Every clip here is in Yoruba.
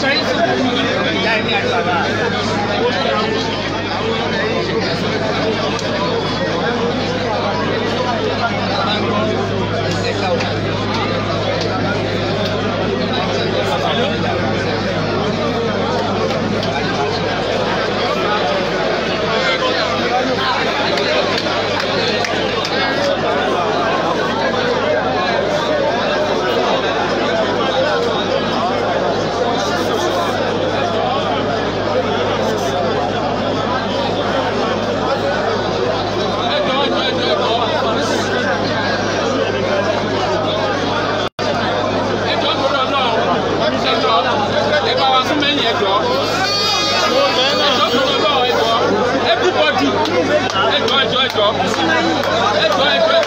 Chinese. Yeah, I mean, ẹjọ́ ẹjọ́ tó lọ lọ ẹjọ́ everybody ẹjọ́ ẹjọ́ ẹjọ́ ẹjọ́ ẹjọ́.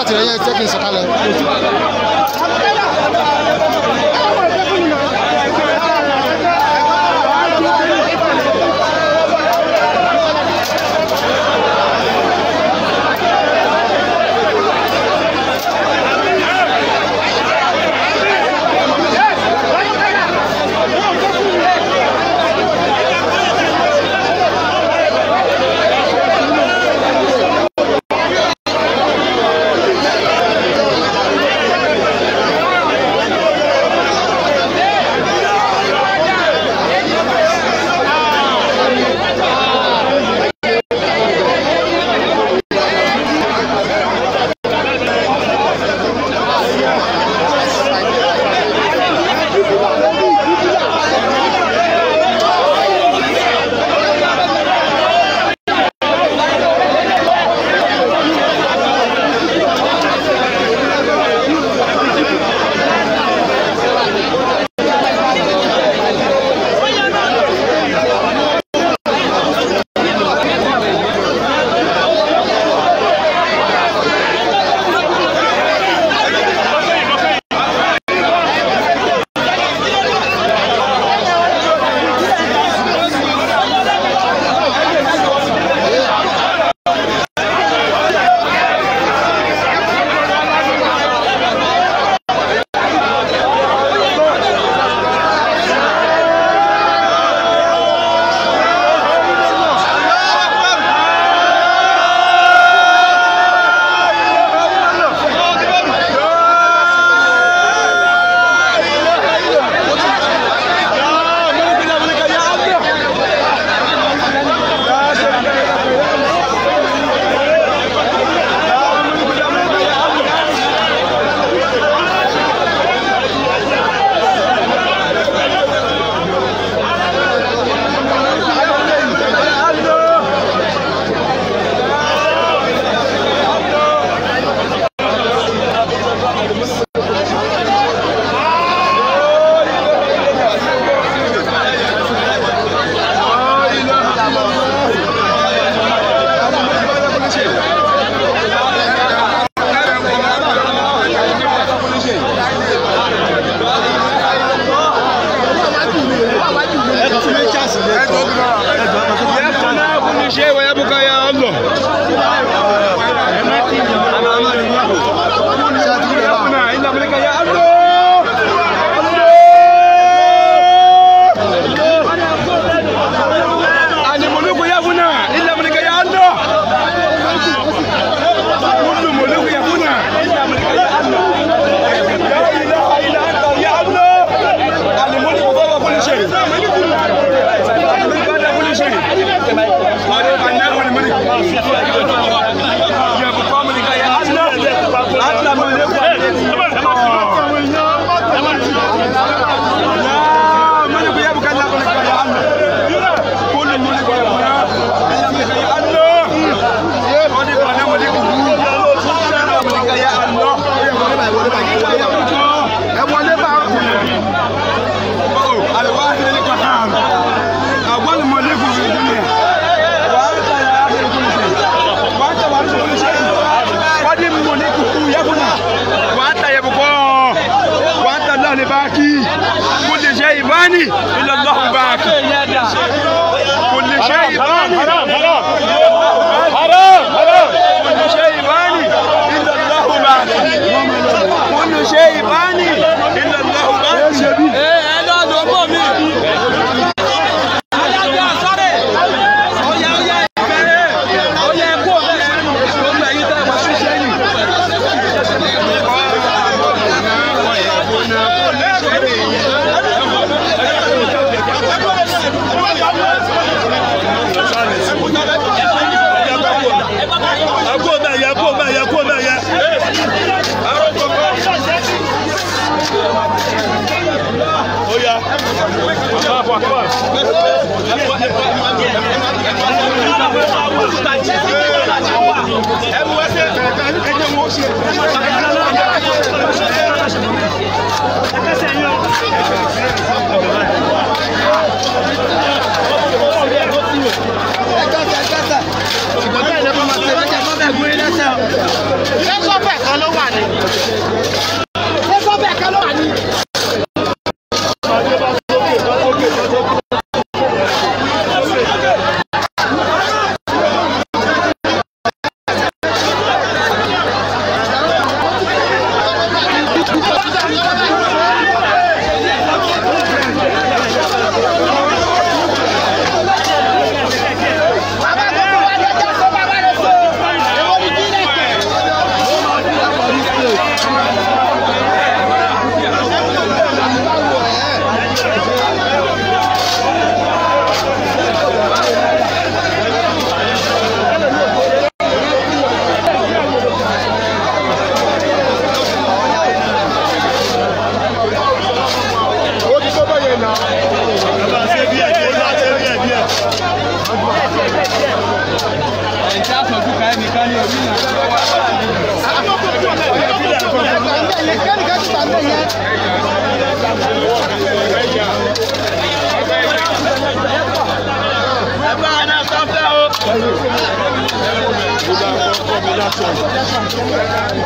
láti rẹ̀ yẹ jẹ́ kí n sọ̀kalẹ̀.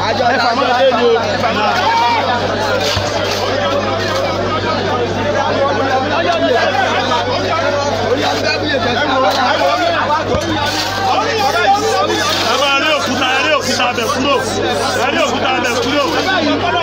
àjọ ẹ̀fà máa dé ní o. Thank you abẹ kúrò ẹ rí òkúta abẹ kúrò.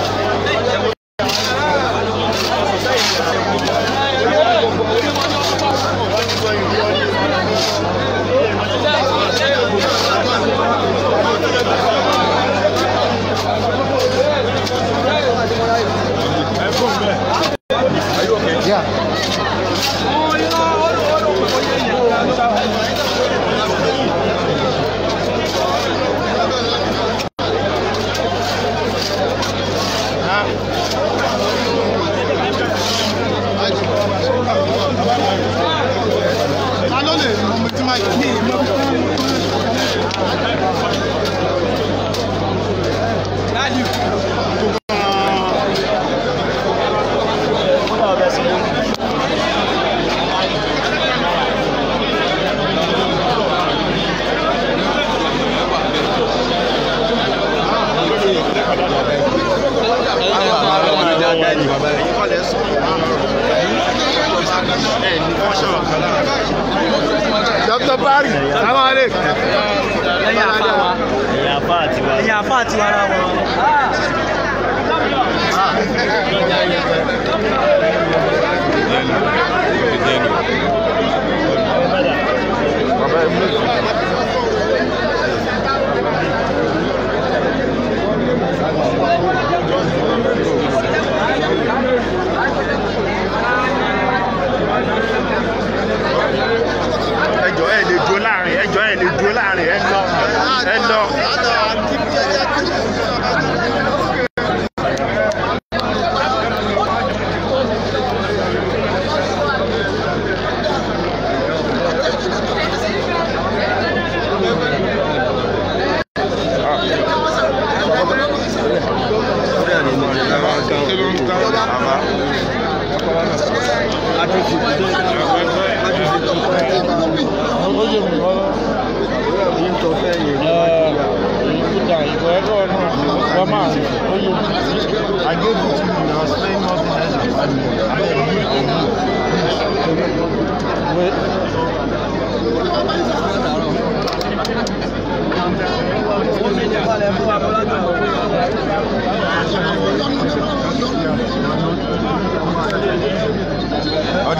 parí sáwọn alẹ́. ẹ̀yin afa wa ẹ̀yin afa àti wa ẹ̀yin afa àti wa ra wọn. Thank you.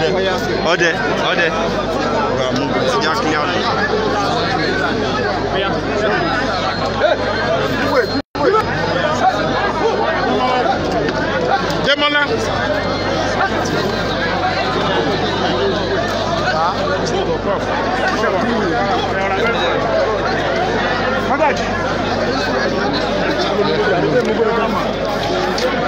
ọdẹ ọdẹ ọdẹ ya kiri ọdẹ. Demola. Mọ́tàjì.